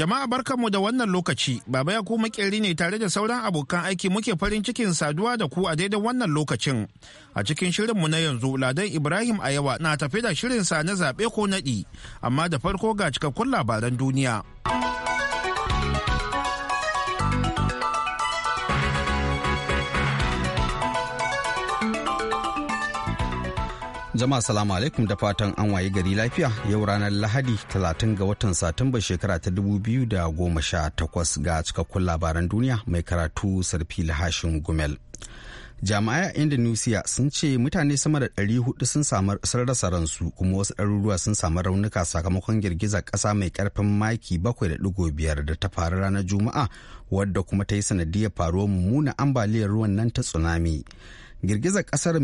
Jama'a barkanmu da wannan lokaci, Baba ya kuma makeri ne tare da sauran abokan aiki muke farin cikin saduwa da ku a daidai wannan lokacin. A cikin shirin mu na yanzu, Ladan Ibrahim Ayawa na tafi da shirinsa na zaɓe ko naɗi, amma da farko ga cikakkun labaran duniya. Jama'a salamu alaikum da fatan an waye gari lafiya yau ranar Lahadi 30 ga watan Satumba shekara ta 2018 ga cikakkun labaran duniya mai karatu sarfi lahashin gumel. Jami'ai a Indonesia sun ce mutane sama da 400 sun samu rasa ransu kuma wasu ɗaruruwa sun samu raunuka sakamakon girgizar ƙasa mai ƙarfin maki 7.5 da ta faru ranar Juma'a wadda kuma ta yi sanadiyar faruwar mummunan ambaliyar ruwan nan ta tsunami. girgizar kasar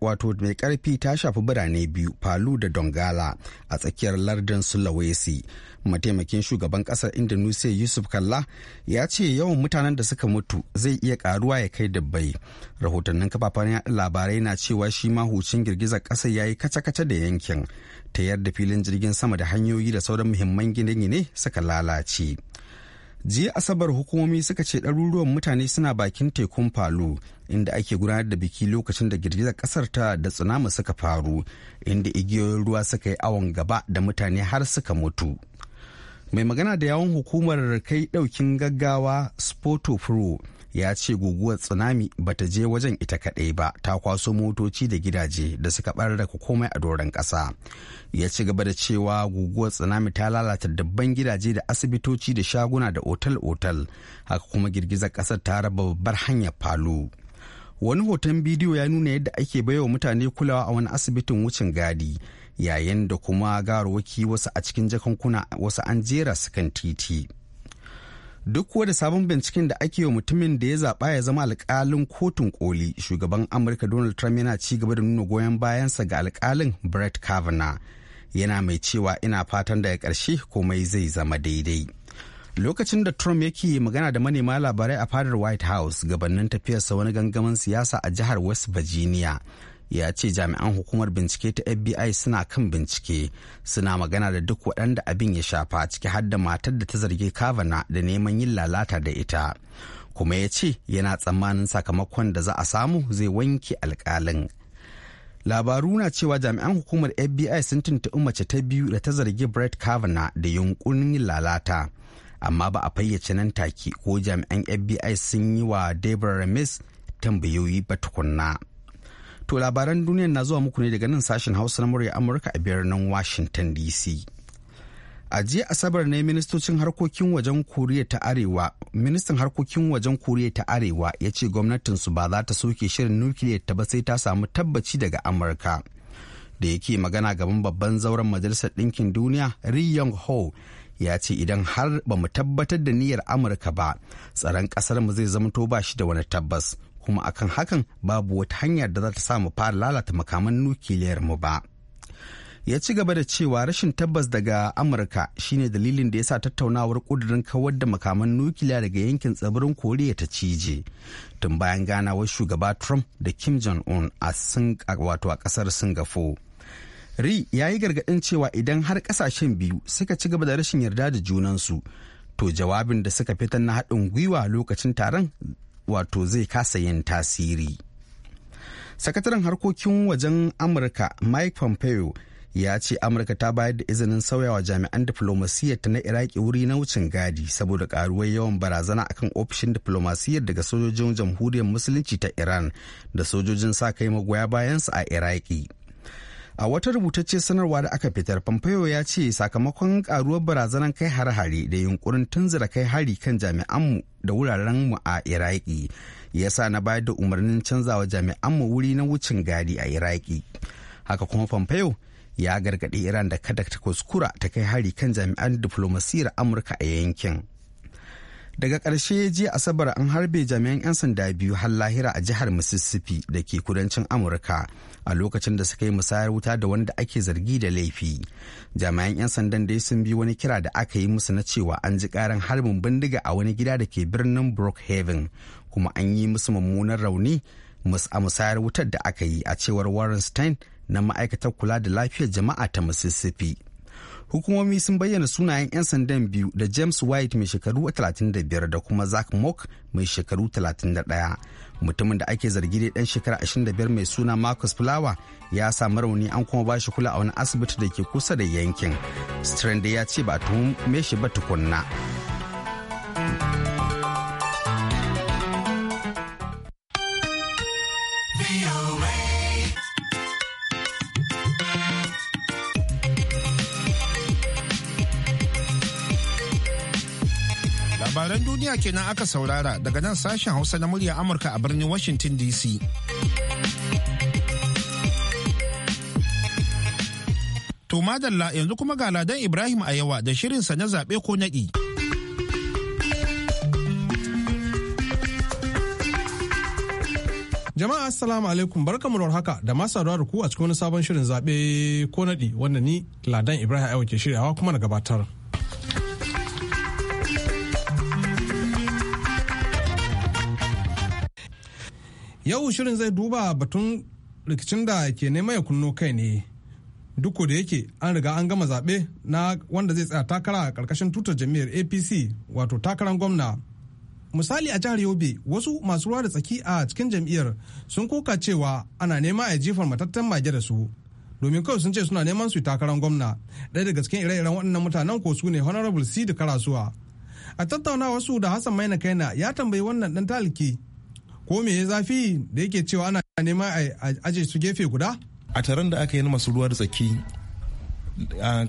wato mai karfi ta shafi birane biyu palu da dongala a tsakiyar lardin sulawesi mataimakin shugaban kasar indonesia yusuf kalla ya ce yawan mutanen da suka mutu zai iya karuwa ya kai dabbai rahotannin kafafen yaɗa labarai na cewa shi mahucin girgizar kasar ya yi kace-kace da yankin ta yarda filin jirgin sama da hanyoyi da sauran muhimman gine-gine suka lalace jiya asabar hukumomi suka ce ɗaruruwan mutane suna bakin tekun palu inda ake gudanar da biki lokacin da girgizar ƙasar ta da tsunami suka faru inda igiyoyin ruwa suka yi awon gaba da mutane har suka mutu mai magana da yawon hukumar kai ɗaukin gaggawa spoto pro ya ce guguwar tsunami ba ta je wajen ita kaɗai ba ta kwaso motoci da gidaje da suka ɓararraka komai a doron ƙasa ya ci gaba da cewa guguwar tsunami ta lalata dabban gidaje da asibitoci da shaguna da otal-otal haka kuma girgizar ƙasar ta raba babbar hanyar palu wani hoton bidiyo ya nuna yadda ake baiwa mutane kulawa a wani asibitin wucin gadi yayin da kuma garwaki wasu a cikin jakankuna wasu an jera su kan titi duk kuwa da sabon binciken da ake wa mutumin da ya zaɓa ya zama alƙalin kotun koli shugaban amurka donald trump yana ci gaba da nuna goyon bayansa ga alƙalin brett kavanaugh yana mai cewa ina fatan daga karshe komai zai zama daidai lokacin da trump yake magana da manema labarai a fadar white house gabanin tafiyarsa wani gangamin siyasa a jihar west virginia ya ce jami'an hukumar bincike ta fbi suna kan bincike suna magana da duk waɗanda abin ya shafa ciki har da matar da ta zargi kavana da neman yin lalata da ita kuma ya ce yana tsammanin sakamakon da za a samu zai wanke alkalin labaru na cewa jami'an hukumar fbi sun tuntuɓi mace ta biyu da ta zargi brett kavana da yunkurin yin lalata amma ba a fayyace nan take ko jami'an fbi sun yi wa deborah ramis tambayoyi ba tukunna. To labaran duniya na zuwa muku ne daga nan sashen Hausa na murya Amurka a birnin Washington DC. A jiya Asabar ne ministocin harkokin wajen Koriya ta Arewa, ministan harkokin wajen Koriya ta Arewa ya ce gwamnatinsu ba za ta soke shirin nukiliyar ta ba sai ta samu tabbaci daga Amurka. Da yake magana gaban babban zauren Majalisar Ɗinkin Duniya, Ri Yong Ho, ya ce idan har ba mu tabbatar da niyyar Amurka ba, tsaron ƙasarmu mu zai zamto ba shi da wani tabbas. kuma akan hakan babu wata hanyar da za ta mu fara lalata makaman nukiliyar mu ba ya ci gaba da cewa rashin tabbas daga amurka shine dalilin da ya sa tattaunawar kudurin kawar da makaman nukiliya daga yankin tsibirin koriya ta cije tun bayan ganawar shugaba trump da kim jong-un a wato a kasar singapore ri ya yi gargaɗin cewa idan har kasashen biyu suka ci gaba da rashin yarda da junansu to jawabin da suka fitar na haɗin gwiwa lokacin taron wato zai kasa yin tasiri sakataren harkokin wajen amurka mike pompeo ya ce amurka ta bayar da izinin sauyawa jami'an ta na iraki wuri na wucin gadi saboda karuwar yawan barazana akan ofishin diflomasiyyar daga sojojin jamhuriyar musulunci ta iran da sojojin sa kai magoya bayansu a iraki A wata rubutacce sanarwa da aka fitar, Pompeo ya ce sakamakon karuwar barazanar kai har hare da yunkurin tunzura kai hari kan jami'anmu da wurarenmu a Iraki, ya sa na bayar da umarnin canzawa jami'anmu wuri na wucin gadi a Iraki. Haka kuma Pompeo ya gargaɗi Iran da kada ta kuskura ta kai hari kan jami'an diflomasiyar Amurka a yankin. daga ƙarshe jiya asabar an harbe jami'an 'yan sanda biyu har lahira a jihar mississippi da ke kudancin amurka a lokacin da suka yi musayar wuta da wanda ake zargi da laifi jami'an 'yan sandan dai sun bi wani kira da aka yi musu na cewa an ji karan harbin bindiga a wani gida da ke birnin brookhaven kuma an yi musu mummunan rauni a musayar wutar da aka yi a cewar warren stein na ma'aikatar kula da lafiyar jama'a ta mississippi hukumomi sun bayyana sunayen 'yan sandan biyu da james white mai shekaru 35 da kuma zack mock mai shekaru 31 mutumin da ake zargi da dan shekara 25 mai suna marcus flower ya samu rauni an kuma ba shi kula a wani asibiti da ke kusa da yankin strand ya ce ba a tuhume shi ba tukunna duniya kenan aka saurara daga nan sashen hausa na murya amurka a birnin washington dc to madalla yanzu kuma ga ladan ibrahim a yawa da shirinsa na zaɓe ko naɗi jama'a assalamu alaikum barkamu da haka da masu da ku a cikin wani sabon shirin zaɓe ko naɗi wanda ni ladan ibrahim a ke shiryawa kuma na gabatar Yau shirin zai duba batun rikicin da ke neman ya kunno kai ne. Duk da yake an riga an gama zaɓe na wanda zai tsaya takara a ƙarƙashin tutar jami'ar APC wato takarar gwamna. Misali a jihar Yobe wasu masu ruwa da tsaki a cikin jam'iyyar sun koka cewa ana nema a jifar matattan mage da su. domin kawai sun ce suna neman su takarar gwamna ɗaya daga cikin ire-iren waɗannan mutanen ko su ne honorable c da karasuwa a tattaunawar su da hassan maina kaina ya tambayi wannan ɗan taliki ko me ya zafi da yake cewa ana nema a aje su gefe guda a taron da aka yi masu ruwa da tsaki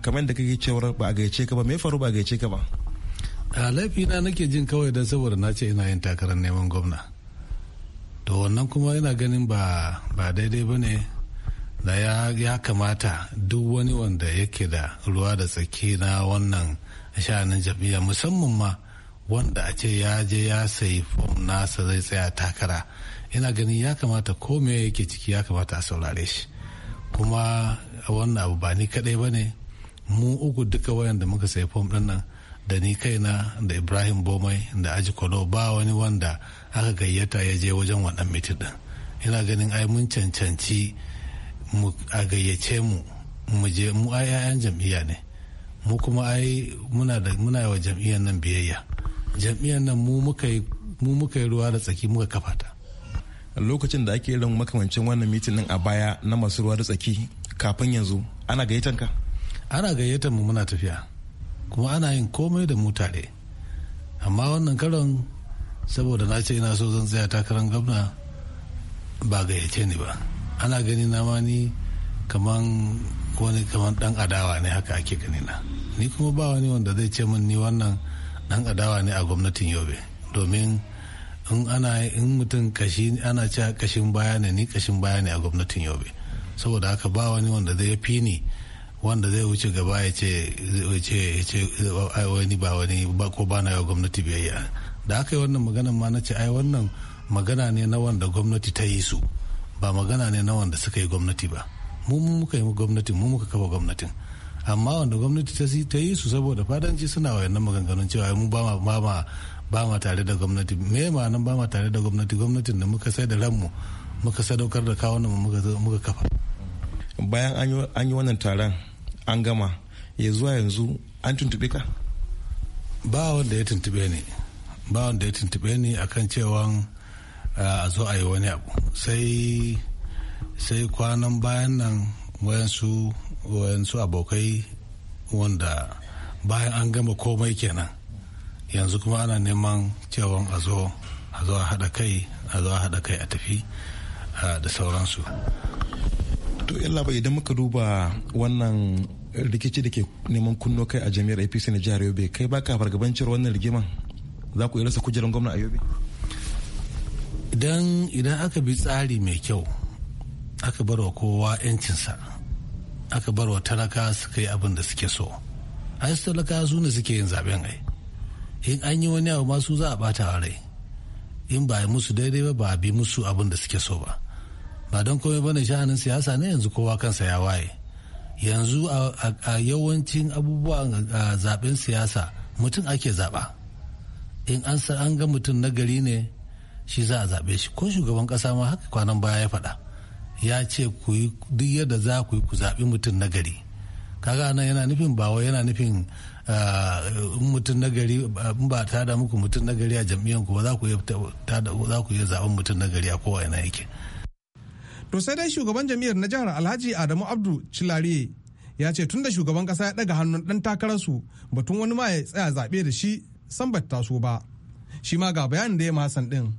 kamar da kake cewar ba a gaice ka ba me faru ba a gaice ka ba a laifina nake jin kawai don saboda na ce ina yin takarar neman gwamna to wannan kuma ina ganin ba ba daidai ba ne da ya kamata duk wani wanda yake da ruwa da tsaki na wannan sha'anin jami'a musamman ma wanda a ce ya je ya sayi fom nasa zai tsaya takara ina ganin ya kamata ko me yake ciki ya kamata a saurare shi kuma wannan abu ba ni kadai ba ne mu uku duka wayanda muka sayi fom din nan da ni kaina da ibrahim bomai da aji kwano ba wani wanda aka gayyata ya je wajen wannan mitin din ina ganin ai mun cancanci a gayyace mu mu je mu ai 'ya'yan jam'iyya ne mu kuma ai muna wa jam'iyyar nan biyayya jam'iyyar nan mu muka yi ruwa da tsaki muka kafa ta lokacin da ake irin makamancin wannan mitin din a baya na masu ruwa da tsaki kafin yanzu ana gayyatan ka ana gayyatan mu muna tafiya kuma ana yin komai da mu tare amma wannan karon saboda na ce ina so zan tsaya takarar gwamna ba gayyace ni ba ana gani na ma ni kaman wani kaman dan adawa ne haka ake gani na ni kuma ba wani wanda zai ce min ni wannan dan adawa ne a gwamnatin yobe domin in ana in mutum kashi ana cewa kashin baya ne ni kashin baya ne a gwamnatin yobe saboda haka ba wani wanda zai fi ni wanda zai wuce gaba ya ce wani ba wani ba ko ba na yau gwamnati biyayya da aka yi wannan maganan ma na ce ai wannan magana ne na wanda gwamnati ta yi su ba magana ne na wanda suka yi gwamnati ba mu muka yi gwamnatin mu muka kafa gwamnatin amma wanda gwamnati ta yi su saboda fadanci suna wayannan maganganun cewa mu ba ma ba ba ma tare da gwamnati me ma'anan ba ma tare da gwamnati gwamnatin da muka sai da ranmu muka sadaukar da mu muka kafa bayan an yi wannan taron an gama ya zuwa yanzu an tuntube ka ba wanda ya tuntube ni ba wanda ya tuntube ni akan cewa a zo a yi wani abu sai sai kwanan bayan nan wayansu abokai wanda bayan an gama komai kenan yanzu kuma ana neman cewa a zo a zo a haɗa kai a zo a haɗa kai a tafi da sauransu to yalla ba idan muka duba wannan rikici da ke neman kunno kai a jami'ar apc na jihar yobe kai baka fargabancin wannan rigiman za ku rasa kujerar gwamna a yobe idan idan aka bi tsari mai kyau aka bar wa kowa 'yancinsa aka bar wa talaka suka yi abin da suke so ai su talaka su ne suke yin zaben ai in an yi wani abu masu za a bata rai in ba musu daidai ba ba a bi musu abin da suke so ba ba don komai ba ne shahanin siyasa ne yanzu kowa kansa ya waye yanzu a yawancin abubuwa a zaben siyasa mutum ake zaba in an an ga mutum na gari ne shi za a zabe shi ko shugaban ƙasa ma haka kwanan baya ya faɗa ya ce ku duk yadda za ku yi ku zaɓi mutum na gari kaga nan yana nufin bawa yana nufin ah, mutum na gari in ba ta da muku mutum na gari a jam'iyyar ku ba za ku iya zaɓen mutum na a kowa yana yake to sai dai shugaban jam'iyyar na jihar alhaji adamu abdu cilare ya ce tun da shugaban kasa ya daga hannun dan takararsu batun wani ma ya tsaya zaɓe da shi san ba taso ba shi ma ga bayanin da ya masan din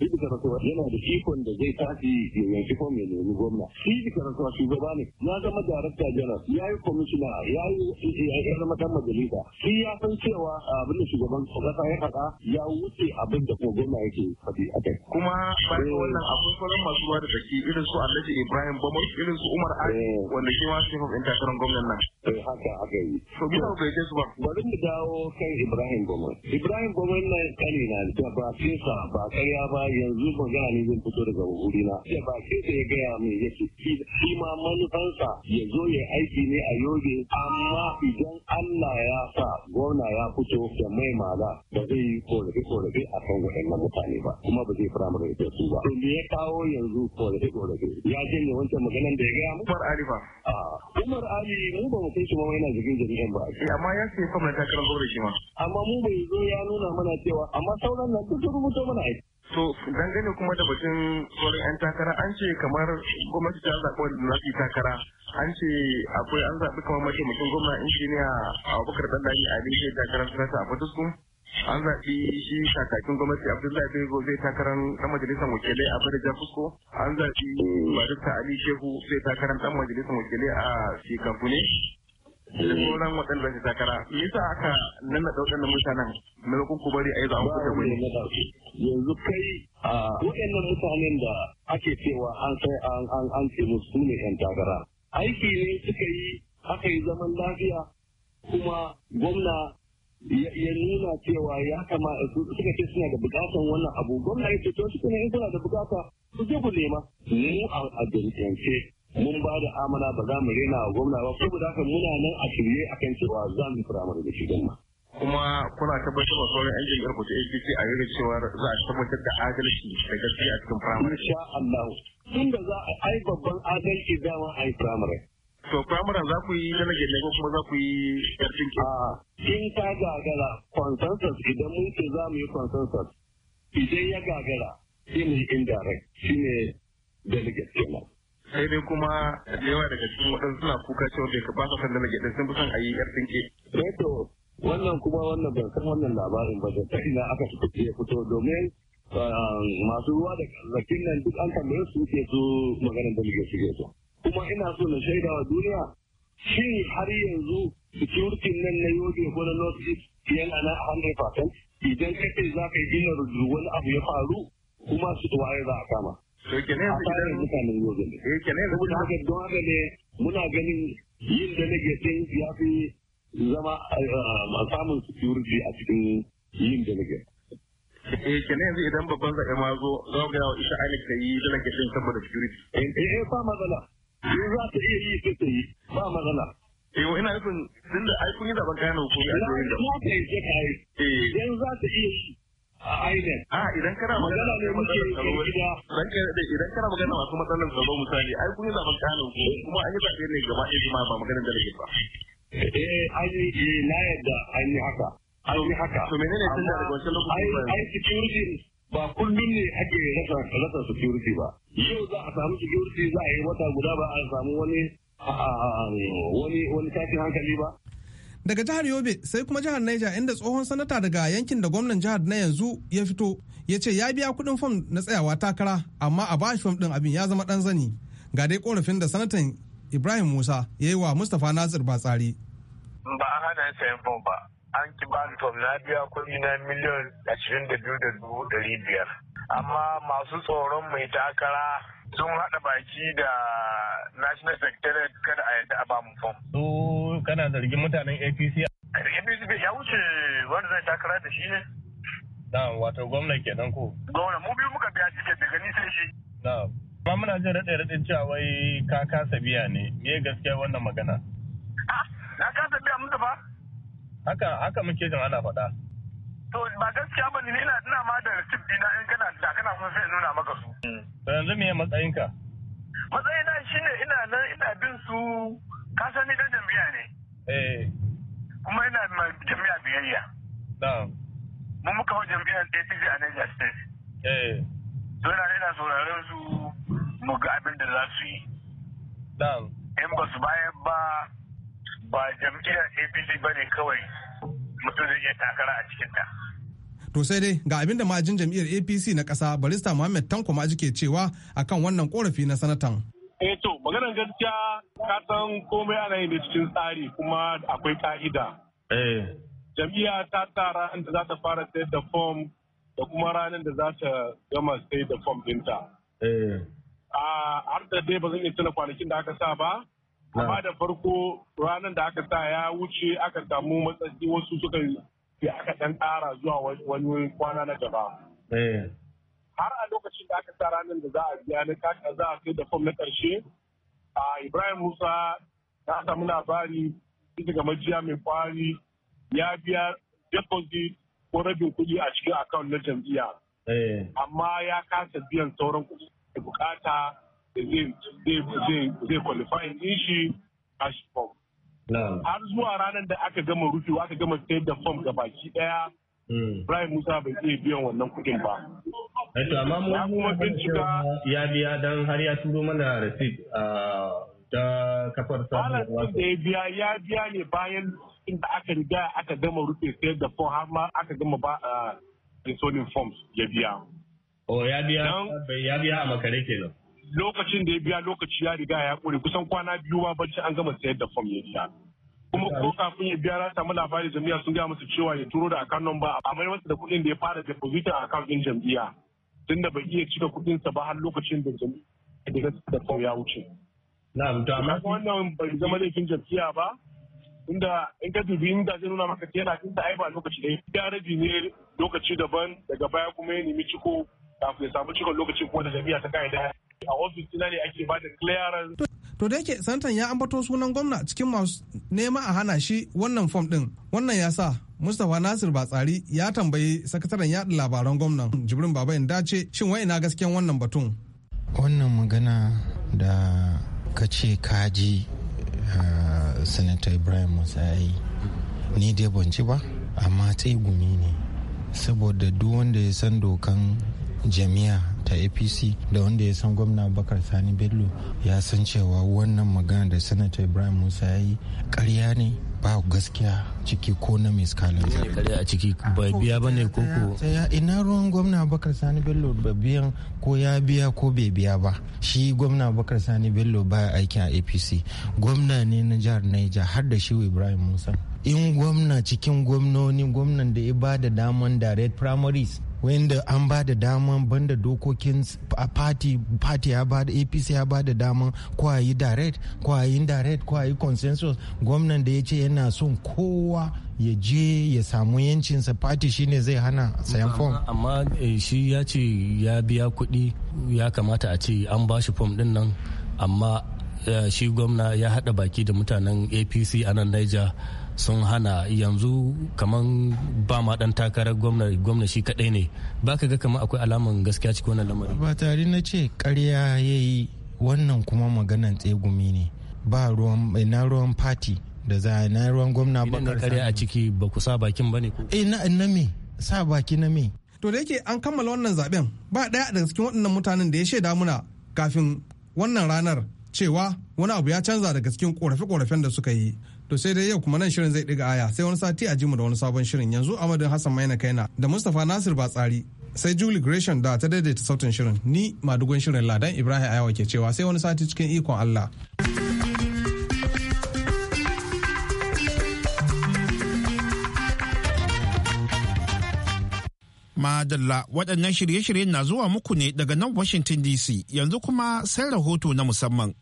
Bibi Karasuwa yana da ikon da zai tafi ya yanki ko mai nemi gwamna. Bibi Karasuwa shugaba ne ya zama darakta janar ya yi kwamishina ya yi zama dan majalisa. Shi ya san cewa ah, abin da shugaban kasa ya faɗa ya wuce abin da kuma gwamna yake faɗi a kai. Kuma bayan wannan akwai sauran masu ruwa da tsaki irin su Alhaji Ibrahim Bamar irin su Umar Ali eh. wanda ke ma su tafi in takarar gwamnan nan. Eh, haka aka yi. To bisa bai kai su ba. Bari mu dawo kan Ibrahim Bamar. Ibrahim Bamar na kane na da ba fesa ba karya ba yanzu ga ne zai fito daga na ya ba sai da ya gaya min yake shi ma manufansa ya zo ya aiki ne a yobe amma idan Allah ya sa gona ya fito da mai mala ba zai yi korafi korafi a kan waɗannan mutane ba kuma ba zai firamare da su ba to me ya kawo yanzu korafi korafi ya ne wancan maganan da ya ga mu Umar Ali ba a Umar Ali mu ba mu kai shi ma yana jikin jami'an ba eh, amma ya ce kuma ta karan gore shi ma amma mu bai zo ya nuna mana cewa amma sauran nan duk rubuto mana aiki to dangane kuma da batun sauran 'yan takara an ce kamar gwamnati ta zaɓi wanda takara an ce akwai an zaɓi kamar mutum gwamna injiniya abubakar dandani a shi takarar sarasa a fatuskun an zaɓi shi kakakin gwamnati abdullahi bai zai takarar ɗan majalisar wakilai a farajar fusko an zaɓi barista ali shehu zai takarar ɗan majalisar wakilai a shekaru ne da sauran waɗanda zai takara me yasa aka nan da ɗaukan mutanen maimakon ku bari a yi zaɓen kusa wani yanzu kai waɗannan mutanen da ake cewa an sai an an ce ne yan takara aiki ne suka yi aka yi zaman lafiya kuma gwamna ya nuna cewa ya kama suka ce suna da bukatan wannan abu gwamna ya ce to suka ne suna da bukata su je ku nema mu a jam'iyyance mun ba da amana ba za mu rena wa gwamna ba kuma haka muna nan a shirye a kan cewa za mu firamare da shi gwamna. kuma kuna tabbatar da sauran yan jam'iyyar ku ta APC a yi cewa za a tabbatar da adalci da gaskiya a cikin firamare. Insha Allah tunda za a ai babban adalci dama a yi firamare. To firamare za ku yi dalage ne ko kuma za ku yi karfin ki? In ka gagara consensus idan mun ce za mu yi consensus idan ya gagara mu yi indirect shi ne delegate kenan. sai dai kuma da yawa daga cikin waɗansu suna kuka cewa bai ka fasa sandana gyaɗa sun fi son a yi yar tsinke. Eh to wannan kuma wannan ban san wannan labarin ba da na aka ya fito domin um, masu ruwa da zakin nan duk an tambaye su ke su maganar da muke shige su. Kuma ina so na shaida wa duniya shi har yanzu security nan na yobe ko na north east yana na 100% idan kace za ka yi wani abu ya faru kuma su tuwaye za a kama. To kenan yanzu mutanen Yobe. kenan muna ganin yin delegate din ya fi zama eh, samun security a cikin yin delegate. eh kenan yanzu idan babban zaɓe ma zo za ga yawa isha ainih ta yi delegation saboda security eh, eh ba matsala in za ta iya yi ta yi ba matsala eh ina nufin tun da ai kun yi zaɓen kayan hukumi a jihohin da na ta yi ta yi eh. za ta iya yi a aiden a ah, idan kana magana ne muke gida idan kana magana masu matsalar tsaro misali ai kun yi zaben kanin ku kuma an yi zaɓe ne gaba ɗaya kuma ba maganar da ba eh an yi eh, na yadda an yi haka an yi haka to menene tun da daga wancan lokacin ba ai security ba kullum ne ake rasa rasa security ba yau za a samu security za a yi wata guda ba a samu wani wani wani tashin hankali ba daga jihar yobe sai kuma jihar naija inda tsohon sanata daga yankin da gwamnan jihar na yanzu ya fito ya ce ya biya kuɗin fom na tsayawa takara amma a bashi fam din abin ya zama dan zani ga dai korafin da sanatan ibrahim musa ya yi wa mustapha nazir batsari ba a hana sayan fam ba an ki bani fam na biya kuɗi na miliyan ashirin amma masu tsoron mai takara sun haɗa baki da national secretary kada a yadda a ba mu fom. su kana zargin mutanen apc apc ya wuce wanda zai takara da shi ne na wato gwamna kenan ko gwamna mu biyu muka biya cikin daga nisan shi na amma muna jin raɗe raɗin cewa wai ka kasa biya ne me gaskiya wannan magana ah, na kasa biya mun fa haka haka muke jin ana faɗa to ba gaskiya ba ne ina ina ma da receipt dina in kana da kana kuma sai nuna maka su yanzu me matsayinka matsayina shine ina nan ina bin su kasan ni dan jami'a ne eh. kuma ina ma jami'a biyayya mun muka hau da APC a Niger State eh. so ina ina sauraron su mu ga abin da za su yi in ba su bayan ba ba jam'iyyar APC ba ne kawai mutum zai iya takara a cikinta. to sai dai ga abin da ma'ajin jam'iyyar apc na ƙasa barista muhammed tanko maji ke cewa akan wannan korafi na sanatan eh to maganar gaskiya ka san komai ana yi cikin tsari kuma akwai ka'ida eh jam'iyya ta tsara da za ta fara sayar da fom da kuma ranar da za ta gama sai da fom dinta eh. a har da dai ba zan iya tuna kwanakin da aka sa ba amma da farko ranar da aka sa ya wuce aka samu matsatsi wasu suka sai aka ɗan ƙara zuwa wani kwana na gaba. Eh. Har a lokacin da aka sa ranar da za a biya na kaka za a kai da fom na ƙarshe, a Ibrahim Musa na samu labari ita ga majiya mai kwari ya biya deposit ko rabin kuɗi a cikin akawun na jam'iyya. Eh. Amma ya kasa biyan sauran kuɗi da bukata da zai qualify ɗin shi a shi fom. har zuwa ranar da aka gama rufewa aka gama sayar da fom baki daya hmm. Ibrahim Musa bai iya biyan wannan kuɗin ba. Eto eh amma mu kuma bincika ya biya dan har ya turo mana receipt ah, ta kafar sadarwa. da ya biya ya biya ne bayan inda aka riga aka gama rufe sayar da fom har ma aka gama ba ah, insulin forms ya biya. Oh ya biya ya biya a makare kenan. lokacin da ya biya lokaci ya riga ya kure kusan kwana biyu ba bacci an gama sayar da fam ya biya kuma ko kafin ya biya ya samu labarin jami'a sun gaya masa cewa ya turo da account ba a mai masa da kuɗin da ya fara depositin a ɗin din jami'a tunda bai iya cika kuɗin sa ba har lokacin da jami'a da fom ya wuce na'am to amma wannan bai zama laifin jami'a ba inda in ka dubi inda zai nuna maka yana tun da ai ba lokaci ɗaya ya rabi ne lokaci daban daga baya kuma ya nemi ciko kafin ya samu cikon lokaci kuma da jami'a ta ka'ida a ofis ne ake bada clearance to da yake santan ya ambato sunan gwamna cikin masu nema a hana shi wannan fom din wannan ya sa mustapha nasir batsari ya tambayi sakataren yaɗa labaran gwamnan jibrin baba in dace shin wa ina gaskiyan wannan batun wannan magana da ka ce kaji ah, sanata ibrahim musa ni dai ban ci ba amma tsegumi ne saboda duk wanda ya san dokan jami'a ta apc da wanda ya san gwamna bakar sani bello ya san cewa wannan magana da sanata ibrahim musa ya yi karya ne ba gaskiya ciki ko na ne zai a ciki ba ah, biya ba ne ko ko ina ruwan gwamna bakar sani bello ba biyan ko ya biya ko bai biya ba shi gwamna bakar sani bello ba aiki a apc gwamna ne na jihar niger har da shi ibrahim musa in gwamna cikin gwamnoni gwamnan da ya ba da daman direct primaries wanda an ba da daman banda dokokin party party ya ba da apc ya ba da daman ko a yi direct ko a yi consensus gwamnan da ya ce yana son kowa ya je ya samu yancinsa party shine zai hana sayan fom amma eh, shi ya ce ya biya kuɗi ya kamata a ce an ba shi fom din nan amma eh, shi gwamna ya haɗa baki da mutanen apc a nan niger sun hana yanzu kaman ba ma dan takarar gwamna shi kadai ne ba ka ga kamar akwai alaman gaskiya cikin wannan lamarin ba tare na ce karya ya yi wannan kuma maganan tsegumi ne ba ruwan ina ruwan fati da za na ruwan gwamna ba karya a ciki ba ku sa bakin ba ne eh na me sa baki na me to da yake an kammala wannan zaben ba daya daga cikin waɗannan mutanen da ya shaida muna kafin wannan ranar cewa wani abu ya canza daga cikin korafe-korafen da suka yi To sai dai yau kuma nan shirin zai diga aya sai wani sati a jimu da wani sabon shirin yanzu amadin Hassan Maina Kaina da Mustapha Nasir Batsari sai Julie Gresham da ta daidaita sautin shirin ni madugon shirin Ladan Ibrahim Ayawa ke cewa sai wani sati cikin ikon Allah. Madalla waɗannan shirye-shiryen na zuwa muku ne daga nan Washington DC yanzu kuma sai rahoto na musamman.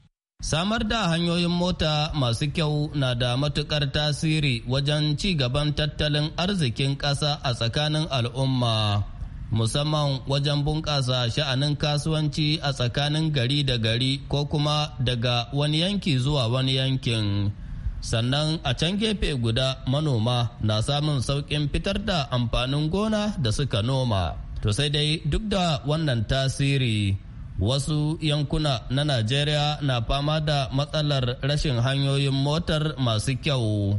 Samar da hanyoyin mota masu kyau na da matukar tasiri wajen ci gaban tattalin arzikin ƙasa a tsakanin al'umma, musamman wajen bunƙasa sha'anin kasuwanci a tsakanin gari da gari ko kuma daga wani yanki zuwa wani yankin. Sannan a can gefe guda manoma na samun sauƙin fitar da amfanin gona da suka noma. To sai dai duk da wannan tasiri. Wasu yankuna na Najeriya na fama da matsalar rashin hanyoyin motar masu kyau.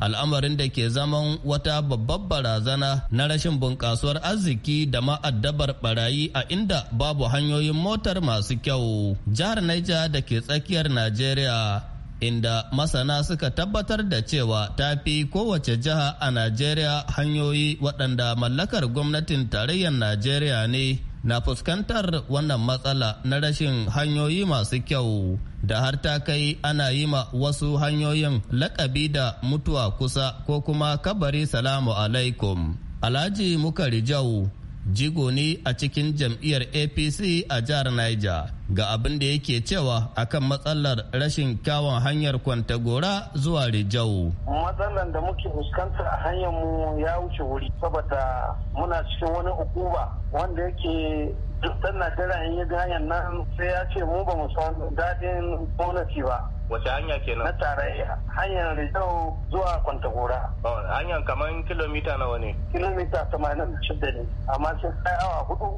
Al'amarin da ke zaman wata babbar barazana na rashin bunkasuwar arziki da ma'addabar barayi a inda babu hanyoyin motar masu kyau. Jihar Naija da ke tsakiyar Najeriya inda masana suka tabbatar da cewa ta fi kowace jiha a Najeriya hanyoyi waɗanda mallakar gwamnatin tarayyar Najeriya ne. na fuskantar wannan matsala na rashin hanyoyi masu kyau da har ta kai ana yi ma wasu hanyoyin lakabi da mutuwa kusa ko kuma kabari salamu alaikum alhaji muka rijau. jigo ne a cikin jam'iyyar apc a jihar niger ga abin da yake cewa akan matsalar rashin kyawun hanyar kwantagora zuwa rijau matsalar da muke fuskanta a hanyar mu ya wuce wuri saboda muna cikin wani hukuma wanda yake duk najeriya in ya hanyar nan sai ya ce mu ba mu san daɗin gwamnati ba wace hanya kenan na tarayya hanyar rijau zuwa kwantagora oh, hanyar kamar kilomita nawa ne kilomita 86 ne amma sai sai awa hudu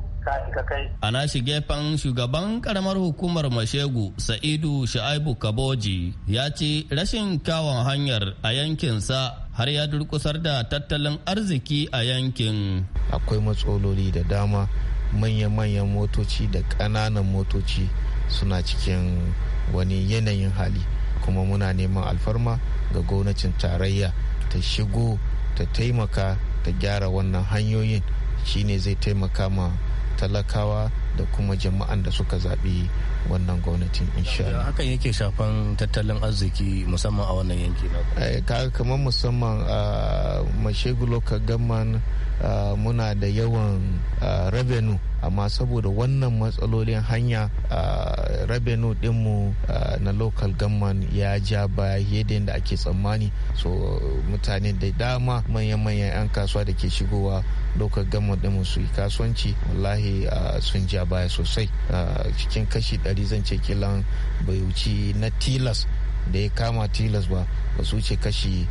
A nashi gefen shugaban karamar hukumar Mashegu Sa'idu Sha'ibu Kaboji ya ce rashin kyawun hanyar a yankinsa har ya durkusar da tattalin arziki a yankin. Akwai matsaloli da dama manya-manyan motoci da ƙananan motoci suna cikin wani yanayin hali kuma muna neman alfarma ga gwamnatin tarayya ta shigo ta taimaka ta gyara wannan hanyoyin shine zai taimaka ma talakawa da kuma jama'an da suka zaɓi wannan gwamnatin insha hakan yake shafan tattalin arziki musamman a wannan yanki na eh, kamar musamman a ah, mashegu local government muna da yawan revenue amma saboda wannan matsalolin hanya revenue dinmu na local government ya ja baya yadda da ake tsammani so mutane da dama manyan-manyan 'yan kasuwa da ke shigowa local government dinmu su yi kasuwanci wallahi sun ja baya sosai cikin kashi 100 zan ce kilan bai wuce na tilas da ya kama tilas ba ba su ce kashi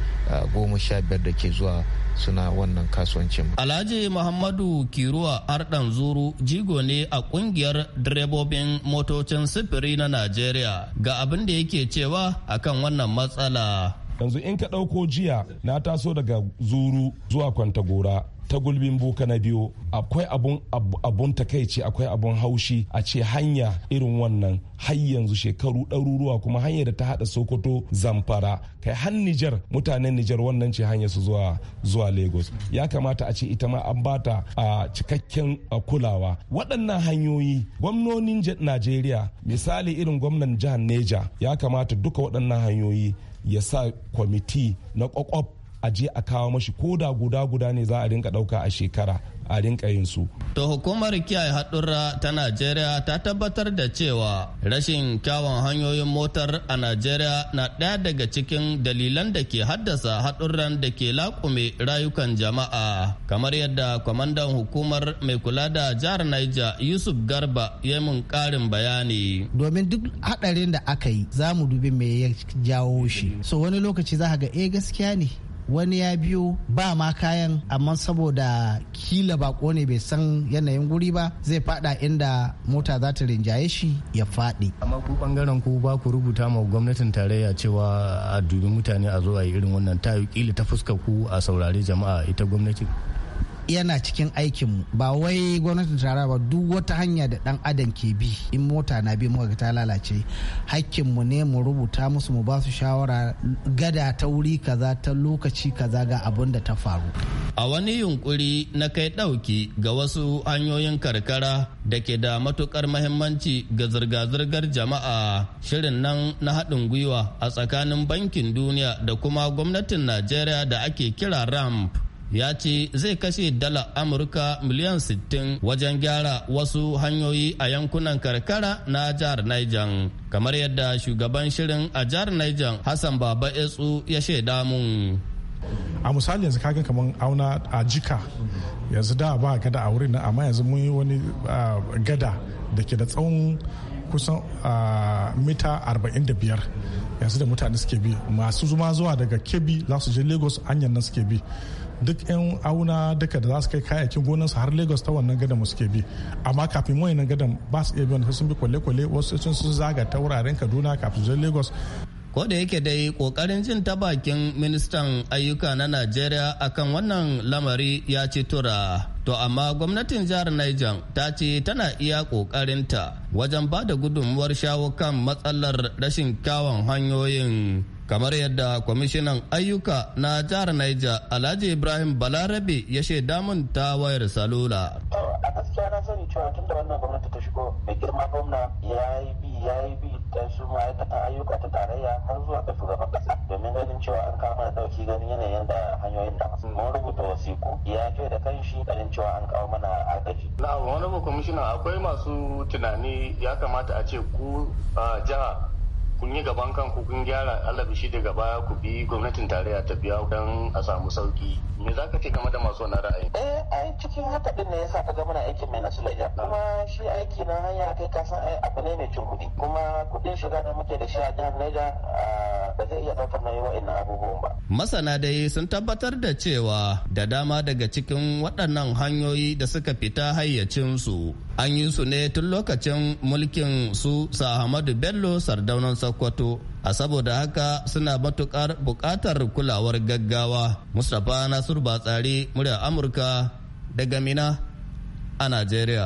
goma sha biyar da ke zuwa suna wannan kasuwancin. Alhaji Muhammadu Kiruwa Ardan Zuru jigo ne a kungiyar direbobin motocin sifiri na nigeria ga abin da yake cewa akan wannan matsala. yanzu in ka ɗauko jiya na taso daga zuru zuwa kwantagora ta gulbin buka na biyu akwai abun abun takaici akwai abun haushi a ce hanya irin wannan har yanzu shekaru ɗaruruwa kuma hanyar da ta hada sokoto zamfara kai har nijar mutanen nijar wannan ce hanyar su zuwa zuwa lagos ya kamata a ce ita ma an bata a cikakken kulawa waɗannan hanyoyi gwamnonin najeriya misali irin gwamnan jihar neja ya kamata duka waɗannan hanyoyi ya sa kwamiti na kwakwaf a je a kawo mashi ko da guda guda ne za a rinka ɗauka a shekara a rinka yin su. To hukumar kiyaye haɗurra ta Najeriya ta tabbatar da cewa rashin kyawun hanyoyin motar a Najeriya na ɗaya daga cikin dalilan da ke haddasa haɗurran da ke laƙume rayukan jama'a. Kamar yadda kwamandan hukumar mai kula da jihar Niger Yusuf Garba ya mun ƙarin bayani. Domin duk haɗarin da aka yi za mu dubi me ya jawo shi. So wani lokaci za ga eh gaskiya ne wani ya biyo ba ma kayan amma saboda kila bako ne bai san yanayin guri ba zai fada inda mota za ta rinjaye shi ya faɗi. amma ku bangaren ku ba ku rubuta ma gwamnatin tarayya cewa a dubi mutane a zo a yi irin wannan ta kila ta fuska ku a saurari jama'a ita gwamnati yana cikin aikinmu ba wai gwamnatin tarayya ba duk wata hanya da dan adam ke bi in mota na bi muka ta lalace hakkinmu ne mu rubuta musu mu ba su shawara gada ta wuri kaza ta lokaci kaza ga abin da ta faru a wani yunkuri na kai ɗauki ga wasu hanyoyin karkara da ke da matukar mahimmanci ga zirga-zirgar jama'a shirin nan na haɗin gwiwa a tsakanin bankin duniya da kuma gwamnatin najeriya da ake kira ramp ya ce zai kashe dala amurka miliyan 60 wajen gyara wasu hanyoyi a yankunan karkara na jihar niger kamar yadda shugaban shirin a jihar niger hassan baba etsu ya shaida mun a misali yanzu kagan kamar auna a jika yanzu da ba gada a wurin amma yanzu mun yi wani ah, gada da ke da tsawon kusan mita 45 yanzu da mutane suke bi masu zuma zuwa daga kebi za su je lagos hanyar nan suke bi duk 'yan auna duka da za su kai kayayyakin su har lagos ta wannan gadan suke bi amma kafin mai nan gadan ba su iya biyan sun bi kwale-kwale wasu sun su zaga ta wuraren kaduna kafin su lagos ko da yake dai kokarin jin ta bakin ministan ayyuka na najeriya akan wannan lamari ya ci tura To amma gwamnatin jihar Niger ta ce tana iya ƙoƙarinta wajen ba da gudunmuwar shawo kan matsalar rashin kyawun hanyoyin kamar yadda kwamishinan ayyuka na jihar Niger Alhaji Ibrahim Balarabe ya shaida mun ta wayar salula. A gaskiya na sani cewa tun da wannan gwamnati ta shigo mai girma gwamna ya yi bi ya yi bi ta su a ayyuka ta tarayya har zuwa ga shugaban kasa domin ganin cewa an kama da dauki ganin yanayin da hanyoyin da mun rubuta wasiku ya ce da kanshi ganin cewa an kawo mana agaji. Na'am, wani kwamishina akwai masu tunani ya kamata a ce ku jiha kun yi gaban kanku kun gyara alabishi daga baya ku bi gwamnatin tarayya ta biya don a samu sauki me za ka ce game da masu wannan ra'ayi eh ai cikin haka din ne yasa ka ga muna aikin mai nasulaiya kuma shi aiki na hanya kai ka san ai abu ne mai cin kuɗi kuma kuɗin shiga da muke da shi a jihar Niger ah, ba zai iya ɗaukar nauyin wa'annan abubuwan ba masana dai sun tabbatar da cewa da dama daga cikin waɗannan hanyoyi da suka fita hayyacinsu an yi su ne tun lokacin mulkin su Hamadu bello sardaunan sokoto a saboda haka suna matukar bukatar kulawar gaggawa mustapha nasiru batsari murya amurka daga mina a nigeria.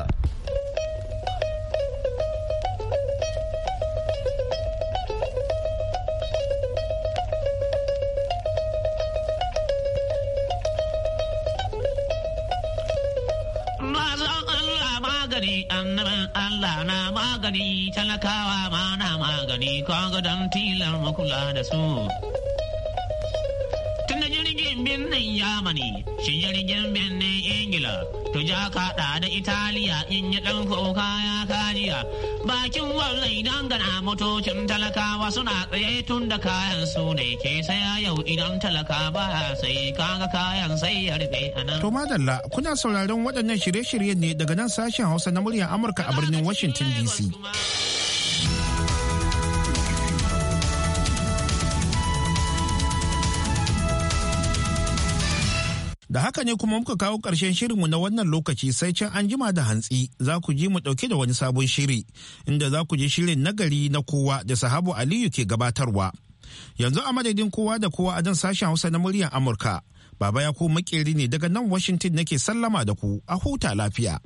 na magani talakawa mana magani kaga don tilar makula da su birnin Yamani, shi birnin Ingila, to ja kaɗa da Italiya in yi ɗan kuka ya kajiya. Bakin wannan idan gana motocin talakawa suna tsaye tun da kayan su ne ke saya yau idan talaka ba sai kaga kayan sai ya rufe a nan. To madalla kuna sauraron waɗannan shirye-shiryen ne daga nan sashen Hausa na muryar Amurka a birnin Washington DC. Da haka ne kuma muka kawo ƙarshen shirinmu na wannan lokaci sai can an jima da hantsi za ku ji mu ɗauke da wani sabon shiri inda za ku ji shirin nagari na kowa da sahabu Aliyu ke gabatarwa. Yanzu a madadin kowa da kowa a dan sashen Hausa na muryar Amurka. Baba ya ku makeri ne daga nan Washington nake sallama da ku a huta lafiya.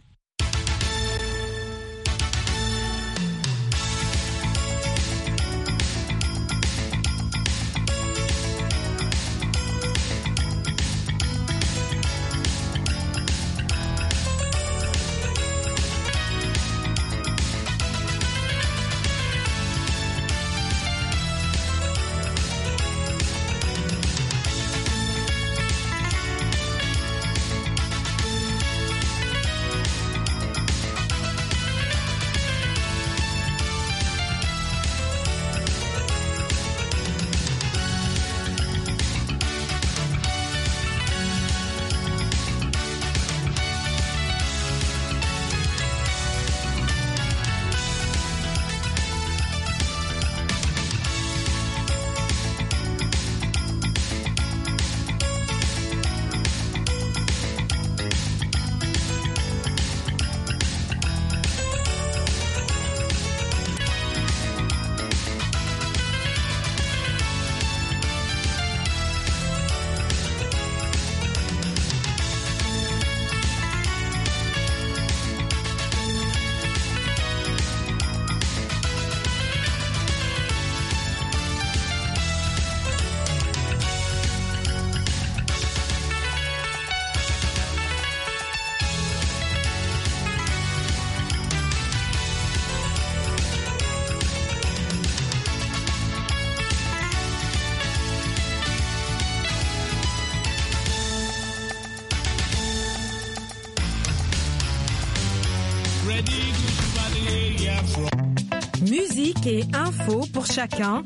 pour chacun